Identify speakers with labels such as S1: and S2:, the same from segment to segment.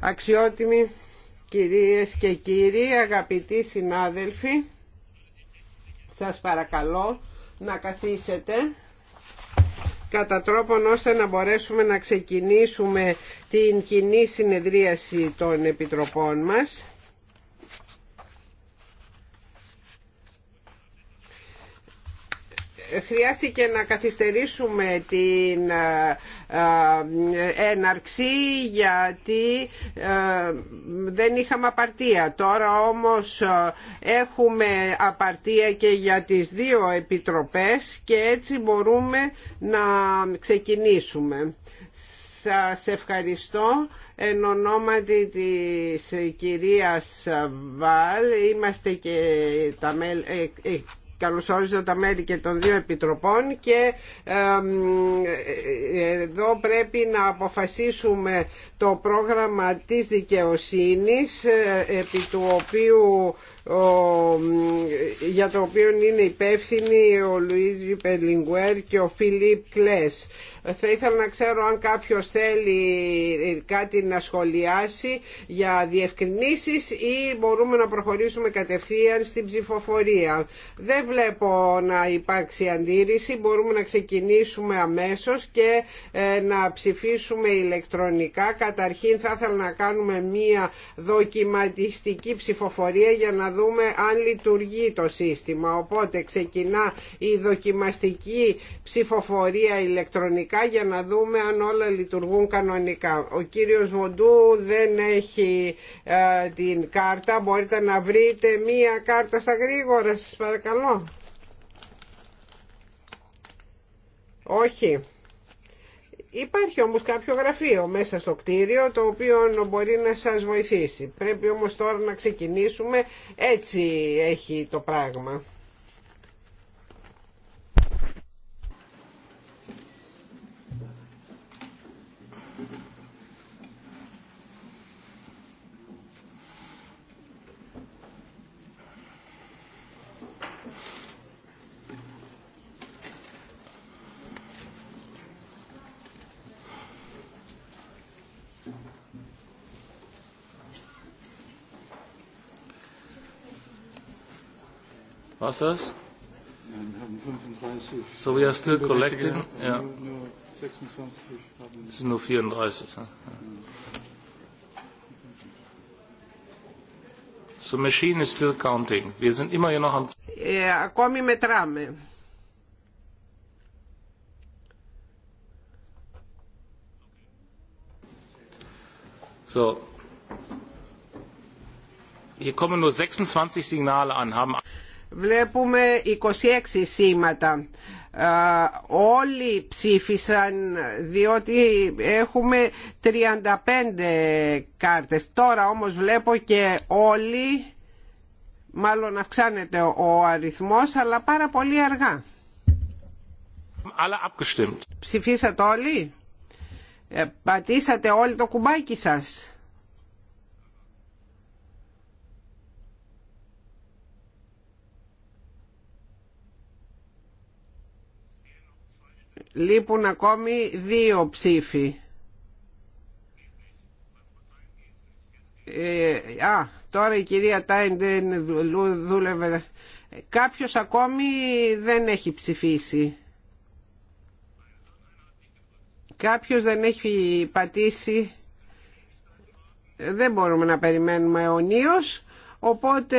S1: Αξιότιμοι κυρίες και κύριοι, αγαπητοί συνάδελφοι, σας παρακαλώ να καθίσετε κατά τρόπον ώστε να μπορέσουμε να ξεκινήσουμε την κοινή συνεδρίαση των επιτροπών μας. χρειάστηκε να καθυστερήσουμε την ε, ε, έναρξη γιατί ε, δεν είχαμε απαρτία. Τώρα όμως έχουμε απαρτία και για τις δύο επιτροπές και έτσι μπορούμε να ξεκινήσουμε. Σας ευχαριστώ εν ονόματι της κυρίας Βαλ είμαστε και τα μέλη καλωσόριζω τα μέλη και των δύο επιτροπών και ε, εδώ πρέπει να αποφασίσουμε το πρόγραμμα της δικαιοσύνης ε, επί του οποίου για το οποίο είναι υπεύθυνοι ο Λουίζι Πελιγκουέρ και ο Φιλίπ Κλές. Θα ήθελα να ξέρω αν κάποιος θέλει κάτι να σχολιάσει για διευκρινήσεις ή μπορούμε να προχωρήσουμε κατευθείαν στην ψηφοφορία. Δεν βλέπω να υπάρξει αντίρρηση, μπορούμε να ξεκινήσουμε αμέσως και ε, να ψηφίσουμε ηλεκτρονικά. Καταρχήν θα ήθελα να κάνουμε μία δοκιματιστική ψηφοφορία για να δούμε αν λειτουργεί το σύστημα. Οπότε ξεκινά η δοκιμαστική ψηφοφορία ηλεκτρονικά για να δούμε αν όλα λειτουργούν κανονικά. Ο κύριος Βοντού δεν έχει ε, την κάρτα. Μπορείτε να βρείτε μία κάρτα στα γρήγορα σας παρακαλώ. Όχι. Υπάρχει όμως κάποιο γραφείο μέσα στο κτίριο το οποίο μπορεί να σας βοηθήσει. Πρέπει όμως τώρα να ξεκινήσουμε. Έτσι έχει το πράγμα. Was das? So we are still collecting. Ja. Es sind nur 34. Ne? So machine is still counting. Wir sind immer hier noch am. Ε, ακόμη μετράμε. So. Hier kommen nur 26 Signale an. Haben βλέπουμε 26 σήματα. Όλοι ψήφισαν διότι έχουμε 35 κάρτες. Τώρα όμως βλέπω και όλοι, μάλλον αυξάνεται ο αριθμός, αλλά πάρα πολύ αργά. Ψηφίσατε όλοι, ε, πατήσατε όλοι το κουμπάκι σας. Λείπουν ακόμη δύο ψήφοι. Ε, α, τώρα η κυρία Τάιν δεν δούλευε. Κάποιος ακόμη δεν έχει ψηφίσει. Κάποιος δεν έχει πατήσει. Δεν μπορούμε να περιμένουμε αιωνίως. Οπότε...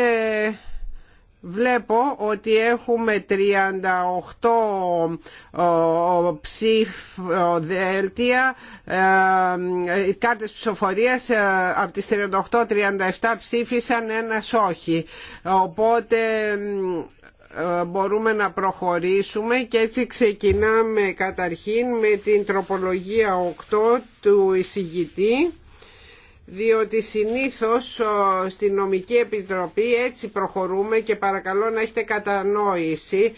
S1: Βλέπω ότι έχουμε 38 ψηφοδέλτια, ε, κάρτες ψηφοφορίας, ε, από τις 38-37 ψήφισαν ένα όχι. Οπότε ε, μπορούμε να προχωρήσουμε και έτσι ξεκινάμε καταρχήν με την τροπολογία 8 του εισηγητή διότι συνήθως στην νομική επιτροπή έτσι προχωρούμε και παρακαλώ να έχετε κατανόηση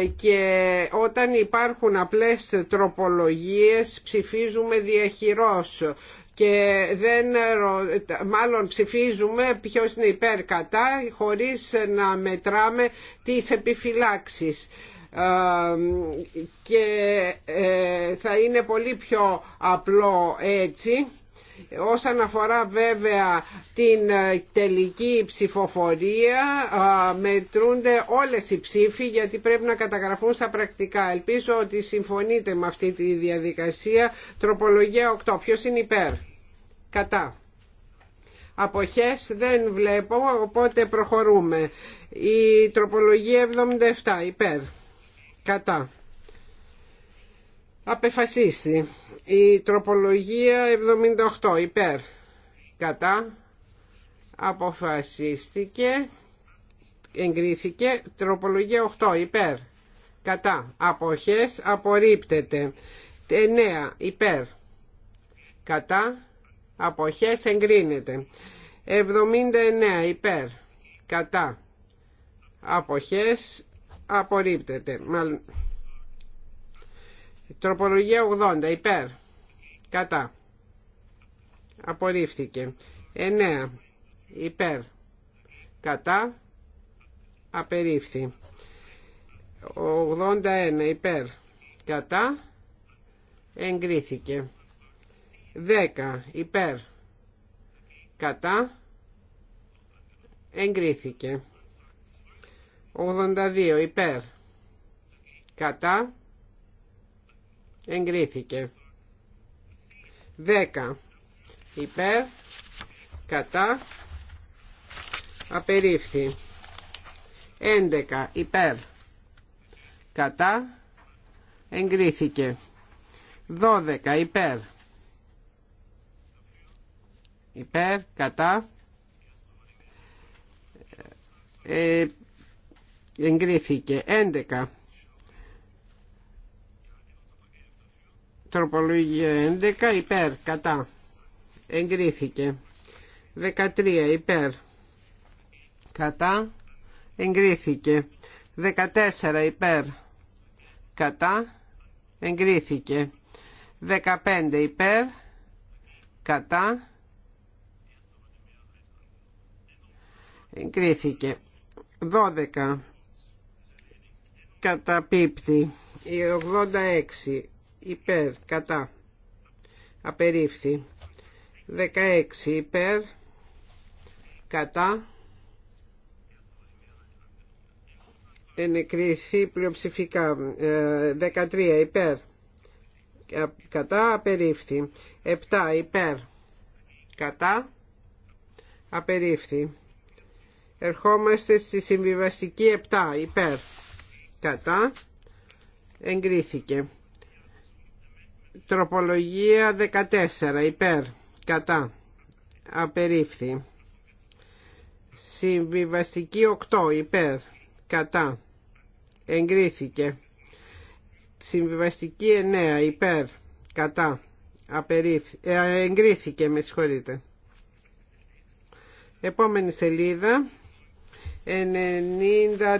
S1: ε, και όταν υπάρχουν απλές τροπολογίες ψηφίζουμε διαχειρός και δεν, μάλλον ψηφίζουμε ποιος είναι υπέρ κατά χωρίς να μετράμε τις επιφυλάξεις ε, και ε, θα είναι πολύ πιο απλό έτσι Όσον αφορά βέβαια την ε, τελική ψηφοφορία μετρούνται όλες οι ψήφοι γιατί πρέπει να καταγραφούν στα πρακτικά. Ελπίζω ότι συμφωνείτε με αυτή τη διαδικασία. Τροπολογία 8. Ποιος είναι υπέρ. Κατά. Αποχές δεν βλέπω οπότε προχωρούμε. Η τροπολογία 77 υπέρ. Κατά. Απεφασίστη. Η τροπολογία 78 υπέρ. Κατά. Αποφασίστηκε. Εγκρίθηκε. Τροπολογία 8 υπέρ. Κατά. Αποχές. Απορρίπτεται. 9 υπέρ. Κατά. Αποχές. Εγκρίνεται. 79 υπέρ. Κατά. Αποχές. Απορρίπτεται. Τροπολογία 80 υπέρ. Κατά. Απορρίφθηκε. 9 υπέρ. Κατά. Απερίφθη. 81 υπέρ. Κατά. Εγκρίθηκε. 10 υπέρ. Κατά. Εγκρίθηκε. 82 υπέρ. Κατά εγκρίθηκε 10 υπέρ κατά απερίφθη 11 υπέρ κατά εγκρίθηκε 12 υπέρ υπέρ κατά ε, εγκρίθηκε 11 Τροπολογία 11 υπέρ κατά εγκρίθηκε. 13 υπέρ κατά εγκρίθηκε. 14 υπέρ κατά εγκρίθηκε. 15 υπέρ κατά εγκρίθηκε. 12 καταπίπτει. Η 86 υπέρ κατά απερίφθη 16 υπέρ κατά ενεκριθεί πλειοψηφικά 13 ε, υπέρ ε, κατά απερίφθη 7 υπέρ κατά απερίφθη ερχόμαστε στη συμβιβαστική 7 υπέρ κατά εγκρίθηκε Τροπολογία 14 υπέρ κατά απερίφθη. Συμβιβαστική 8 υπέρ κατά εγκρίθηκε. Συμβιβαστική 9 υπέρ κατά απερίφθη. Ε, εγκρίθηκε με συγχωρείτε. Επόμενη σελίδα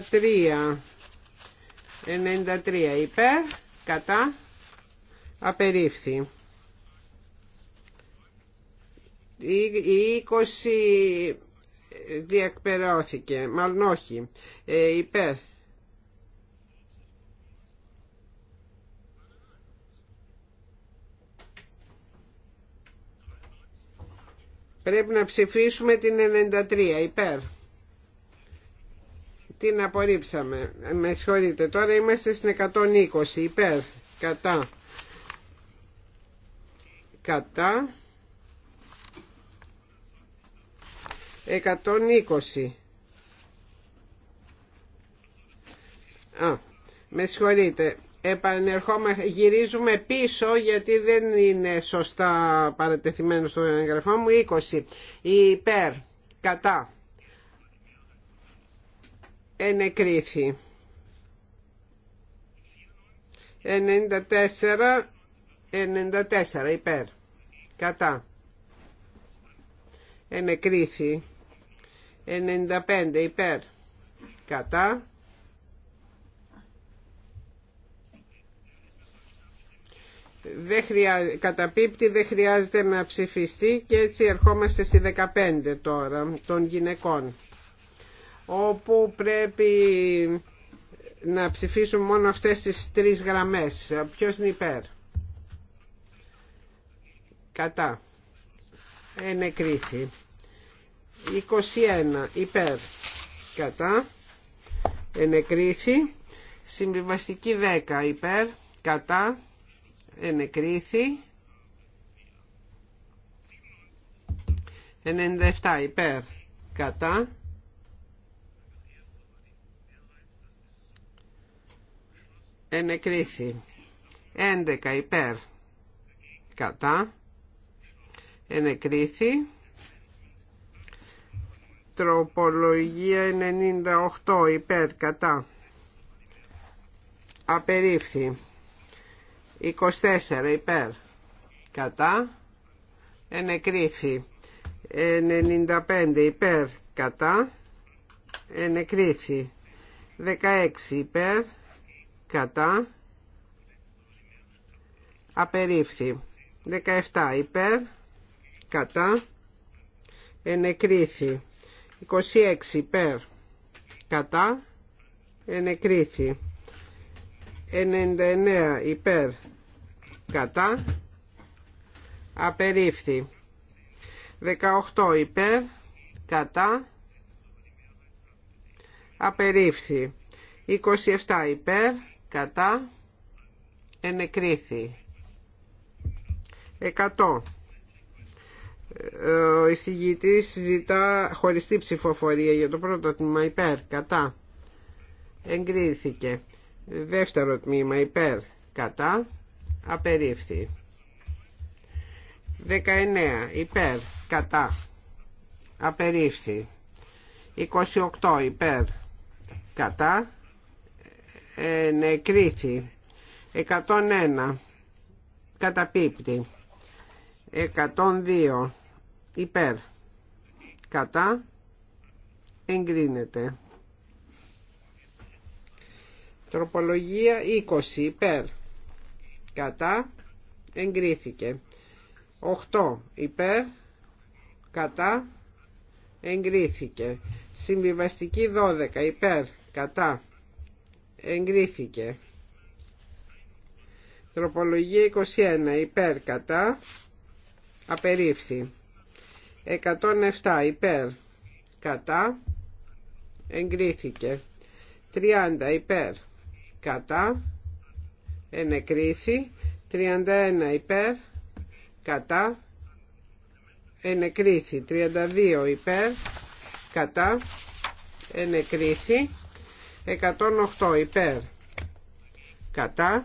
S1: 93 93 υπέρ κατά Απερίφθη. η 20 διεκπαιρεώθηκε. Μάλλον όχι. Ε, υπέρ. Πρέπει να ψηφίσουμε την 93 υπέρ. Την απορρίψαμε. Ε, με συγχωρείτε. Τώρα είμαστε στην 120 υπέρ. Κατά κατά 120 Α, με συγχωρείτε επανερχόμαστε, γυρίζουμε πίσω γιατί δεν είναι σωστά παρατεθειμένο στο εγγραφό μου 20 υπέρ κατά ενεκρίθη 94 94 υπέρ κατά ενεκρίθη 95 υπέρ κατά δεν χρειά... καταπίπτει δεν χρειάζεται να ψηφιστεί και έτσι ερχόμαστε στη 15 τώρα των γυναικών όπου πρέπει να ψηφίσουν μόνο αυτές τις τρεις γραμμές ποιος είναι υπέρ κατά ενεκρίθη 21 υπέρ κατά ενεκρίθη συμβιβαστική 10 υπέρ κατά ενεκρίθη 97 υπέρ κατά ενεκρίθη 11 υπέρ κατά ενεκρίθη τροπολογία 98 υπέρ κατά απερίφθη 24 υπέρ κατά ενεκρίθη 95 υπέρ κατά ενεκρίθη 16 υπέρ κατά απερίφθη 17 υπέρ κατά ενεκρίθη 26 υπέρ κατά ενεκρίθη 99 υπέρ κατά απερίφθη 18 υπέρ κατά απερίφθη 27 υπέρ κατά ενεκρίθη 100 ε, ο εισηγητής ζητά χωριστή ψηφοφορία για το πρώτο τμήμα υπέρ, κατά. Εγκρίθηκε. Δεύτερο τμήμα υπέρ, κατά. Απερίφθη. 19. Υπέρ, κατά. Απερίφθη. 28. Υπέρ, κατά. Ε, νεκρίθη. Ναι, 101. καταπίπτη 102 υπέρ κατά εγκρίνεται τροπολογία 20 υπέρ κατά εγκρίθηκε 8 υπέρ κατά εγκρίθηκε συμβιβαστική 12 υπέρ κατά εγκρίθηκε τροπολογία 21 υπέρ κατά απερίφθη 107 υπέρ κατά εγκρίθηκε 30 υπέρ κατά ενεκρίθη 31 υπέρ κατά ενεκρίθη 32 υπέρ κατά ενεκρίθη 108 υπέρ κατά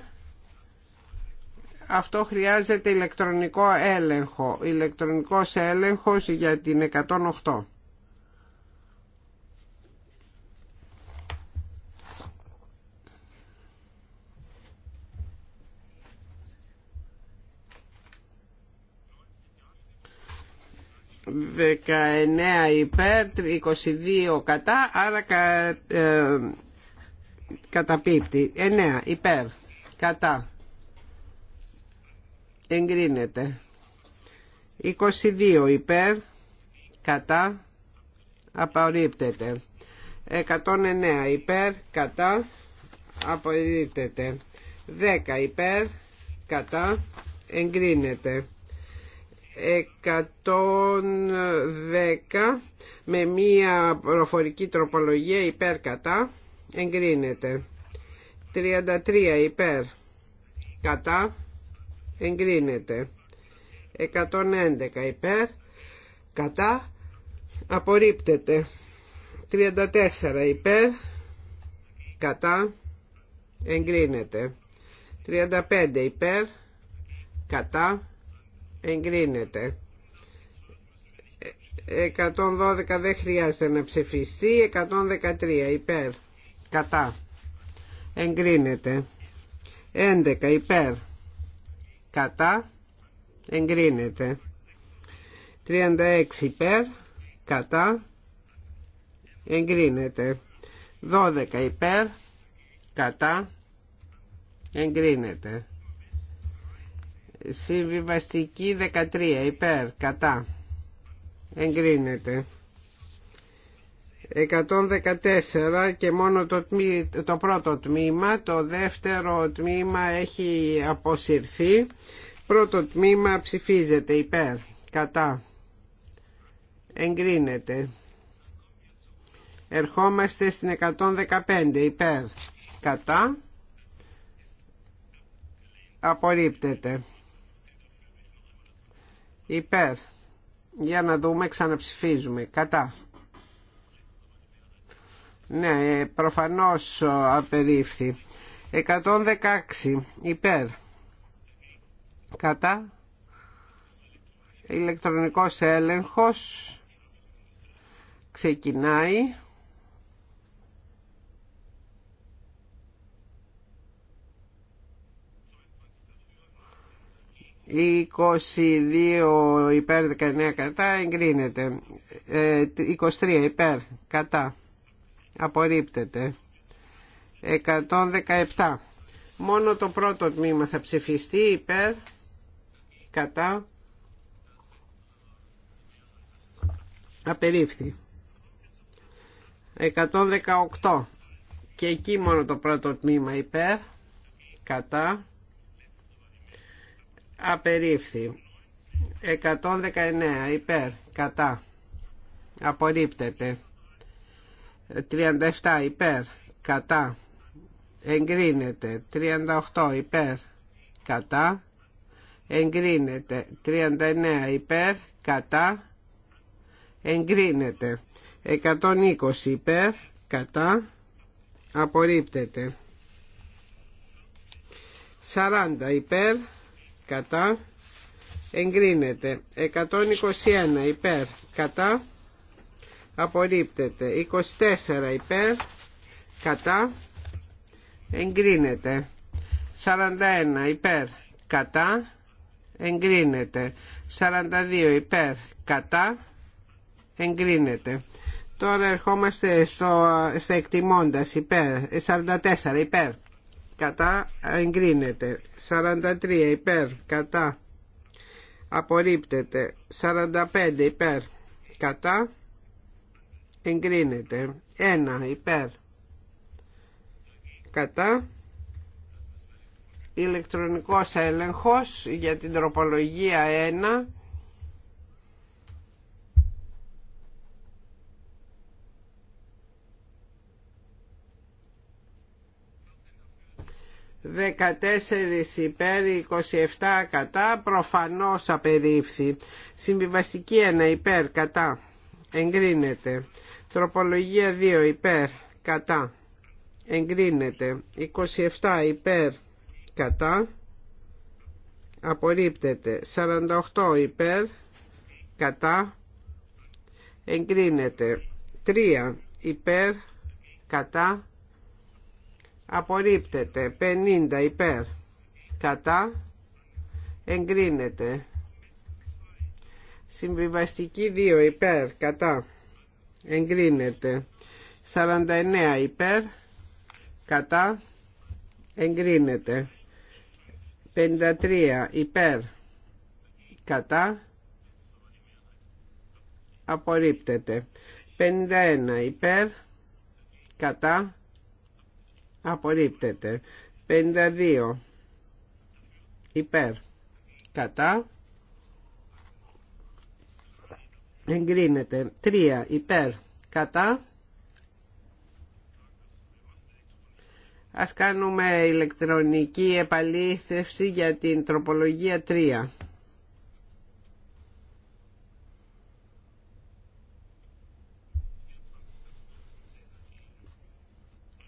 S1: αυτό χρειάζεται ηλεκτρονικό έλεγχο. Ηλεκτρονικός έλεγχος για την 108. Δεκαεννέα υπέρ, 22 κατά, άρα κα, ε, καταπίπτει. 9 υπέρ, κατά εγκρίνεται 22 υπέρ κατά απορρίπτεται 109 υπέρ κατά απορρίπτεται 10 υπέρ κατά εγκρίνεται 110 με μία προφορική τροπολογία υπέρ κατά εγκρίνεται 33 υπέρ κατά εγκρίνεται 111 υπέρ κατά απορρίπτεται 34 υπέρ κατά εγκρίνεται 35 υπέρ κατά εγκρίνεται 112 δεν χρειάζεται να ψηφιστεί 113 υπέρ κατά εγκρίνεται 11 υπέρ κατά εγκρίνεται 36 υπέρ κατά εγκρίνεται 12 υπέρ κατά εγκρίνεται συμβιβαστική 13 υπέρ κατά εγκρίνεται 114 και μόνο το, το πρώτο τμήμα, το δεύτερο τμήμα έχει αποσυρθεί. Πρώτο τμήμα ψηφίζεται υπέρ, κατά, εγκρίνεται. Ερχόμαστε στην 115 υπέρ, κατά, απορρίπτεται. Υπέρ, για να δούμε ξαναψηφίζουμε, κατά. Ναι, προφανώς ε, απερίφθη. 116 υπέρ. Κατά. Ηλεκτρονικός έλεγχος. Ξεκινάει. Η 22 υπέρ 19 κατά εγκρίνεται. 23 ε, υπέρ κατά απορρίπτεται 117 μόνο το πρώτο τμήμα θα ψηφιστεί υπέρ κατά απερίφθη 118 και εκεί μόνο το πρώτο τμήμα υπέρ κατά απερίφθη 119 υπέρ κατά απορρίπτεται 37 υπέρ κατά εγκρίνεται 38 υπέρ κατά εγκρίνεται 39 υπέρ κατά εγκρίνεται 120 υπέρ κατά απορρίπτεται 40 υπέρ κατά εγκρίνεται 121 υπέρ κατά απορρίπτεται 24 υπέρ κατά εγκρίνεται 41 υπέρ κατά εγκρίνεται 42 υπέρ κατά εγκρίνεται τώρα ερχόμαστε στο, στα εκτιμώντας υπέρ 44 ε, υπέρ κατά εγκρίνεται 43 υπέρ κατά απορρίπτεται 45 υπέρ κατά εγκρίνεται. 1 υπέρ κατά ηλεκτρονικός έλεγχος για την τροπολογία 1 14 υπέρ 27 κατά προφανώς απερίφθη συμβιβαστική 1 υπέρ κατά εγκρίνεται Τροπολογία 2 υπέρ κατά εγκρίνεται. 27 υπέρ κατά απορρίπτεται. 48 υπέρ κατά εγκρίνεται. 3 υπέρ κατά απορρίπτεται. 50 υπέρ κατά εγκρίνεται. Συμβιβαστική 2 υπέρ κατά εγκρίνεται 49 υπέρ κατά εγκρίνεται 53 υπέρ κατά απορρίπτεται 51 υπέρ κατά απορρίπτεται 52 υπέρ κατά εγκρίνεται. 3 υπέρ κατά. Ας κάνουμε ηλεκτρονική επαλήθευση για την τροπολογία 3.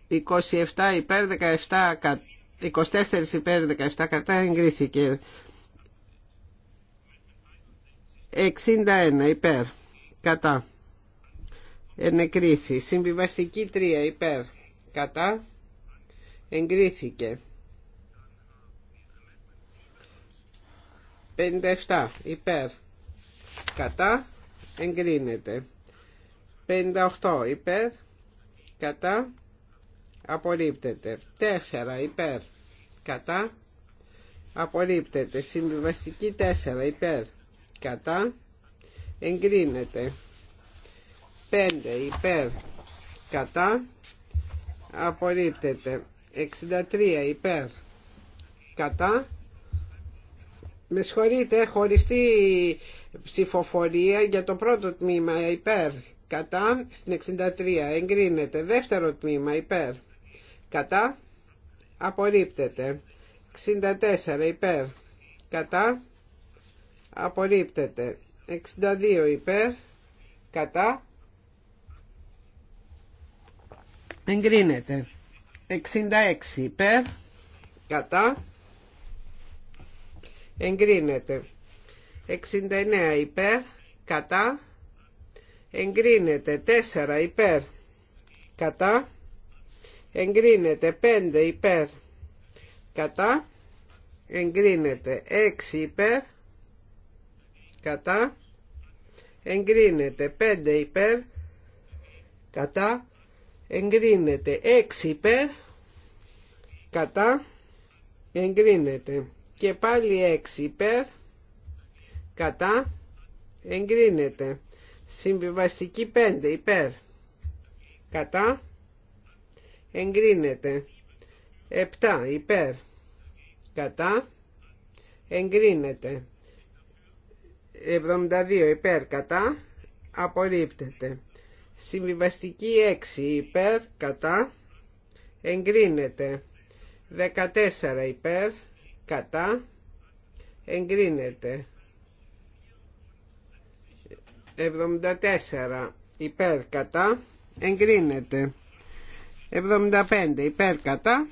S1: «27 υπέρ 17 24 υπέρ 17 κατά εγκρίθηκε 61 υπέρ κατά ενεκρίθη συμβιβαστική 3 υπέρ κατά εγκρίθηκε 57 υπέρ κατά εγκρίνεται 58 υπέρ κατά απορρίπτεται 4 υπέρ κατά απορρίπτεται συμβιβαστική 4 υπέρ κατά εγκρίνεται 5 υπέρ κατά απορρίπτεται 63 υπέρ κατά με συγχωρείτε χωριστή ψηφοφορία για το πρώτο τμήμα υπέρ κατά στην 63 εγκρίνεται δεύτερο τμήμα υπέρ κατά απορρίπτεται 64 υπέρ κατά απορρίπτεται 62 υπέρ κατά εγκρίνεται 66 υπέρ κατά εγκρίνεται 69 υπέρ κατά εγκρίνεται 4 υπέρ κατά εγκρίνεται 5 υπέρ κατά εγκρίνεται 6 υπέρ κατά εγκρίνεται 5 υπέρ κατά εγκρίνεται 6 υπέρ κατά εγκρίνεται και πάλι 6 υπέρ κατά εγκρίνεται συμβιβαστική 5 υπέρ κατά εγκρίνεται 7 υπέρ κατά εγκρίνεται 72 υπέρ κατά απορρίπτεται. Συμβιβαστική 6 υπέρ κατά εγκρίνεται. 14 υπέρ κατά εγκρίνεται. 74 υπέρ κατά εγκρίνεται. 75 υπέρ κατά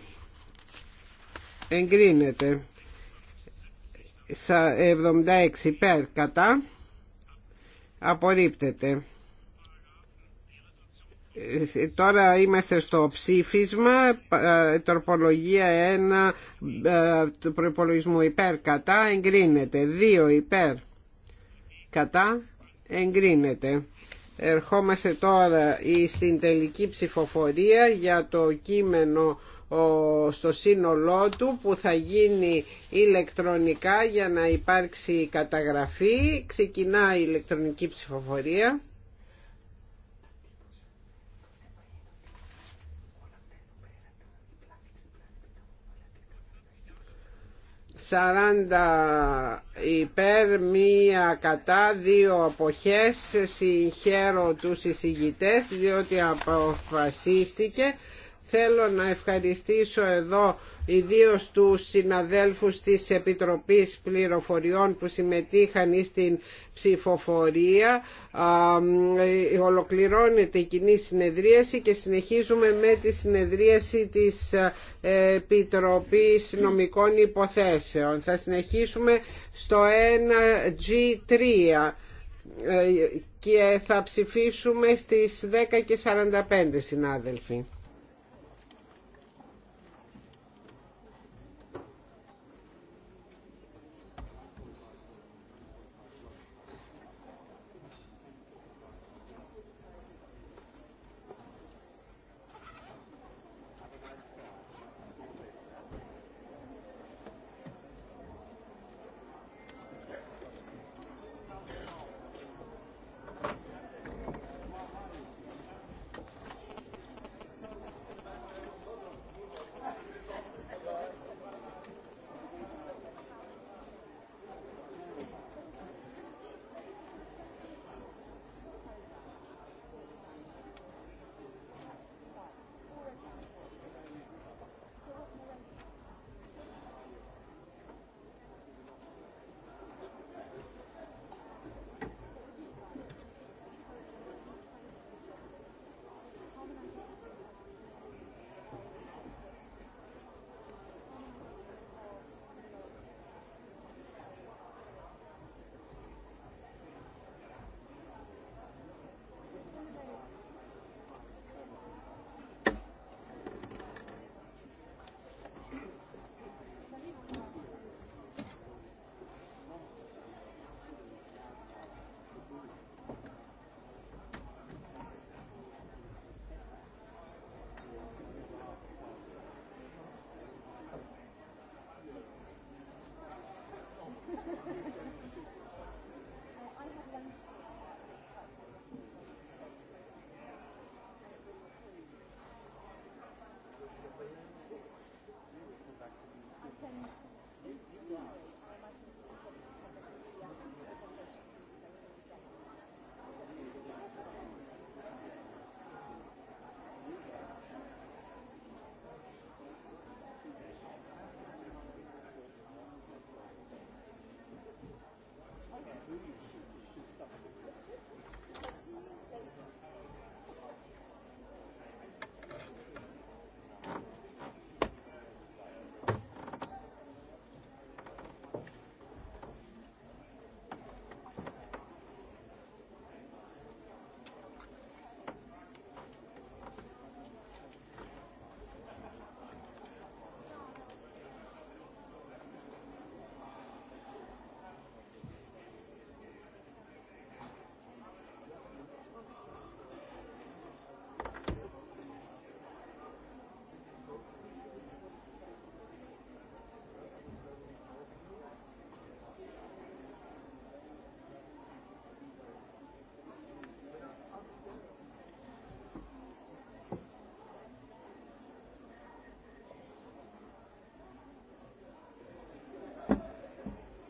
S1: εγκρίνεται. 76 υπέρ κατά απορρίπτεται ε, Τώρα είμαστε στο ψήφισμα, ε, τροπολογία 1 ε, του προπολογισμού υπέρ κατά εγκρίνεται, 2 υπέρ κατά εγκρίνεται. Ερχόμαστε τώρα στην τελική ψηφοφορία για το κείμενο στο σύνολό του που θα γίνει ηλεκτρονικά για να υπάρξει καταγραφή. Ξεκινά η ηλεκτρονική ψηφοφορία. Σαράντα υπέρ, μία κατά, δύο αποχές. Συγχαίρω τους εισηγητές διότι αποφασίστηκε θέλω να ευχαριστήσω εδώ ιδίως του συναδέλφους της Επιτροπής Πληροφοριών που συμμετείχαν στην ψηφοφορία. Ολοκληρώνεται η κοινή συνεδρίαση και συνεχίζουμε με τη συνεδρίαση της ε, Επιτροπής Νομικών Υποθέσεων. Θα συνεχίσουμε στο 1G3 ε, και θα ψηφίσουμε στις 45 συνάδελφοι.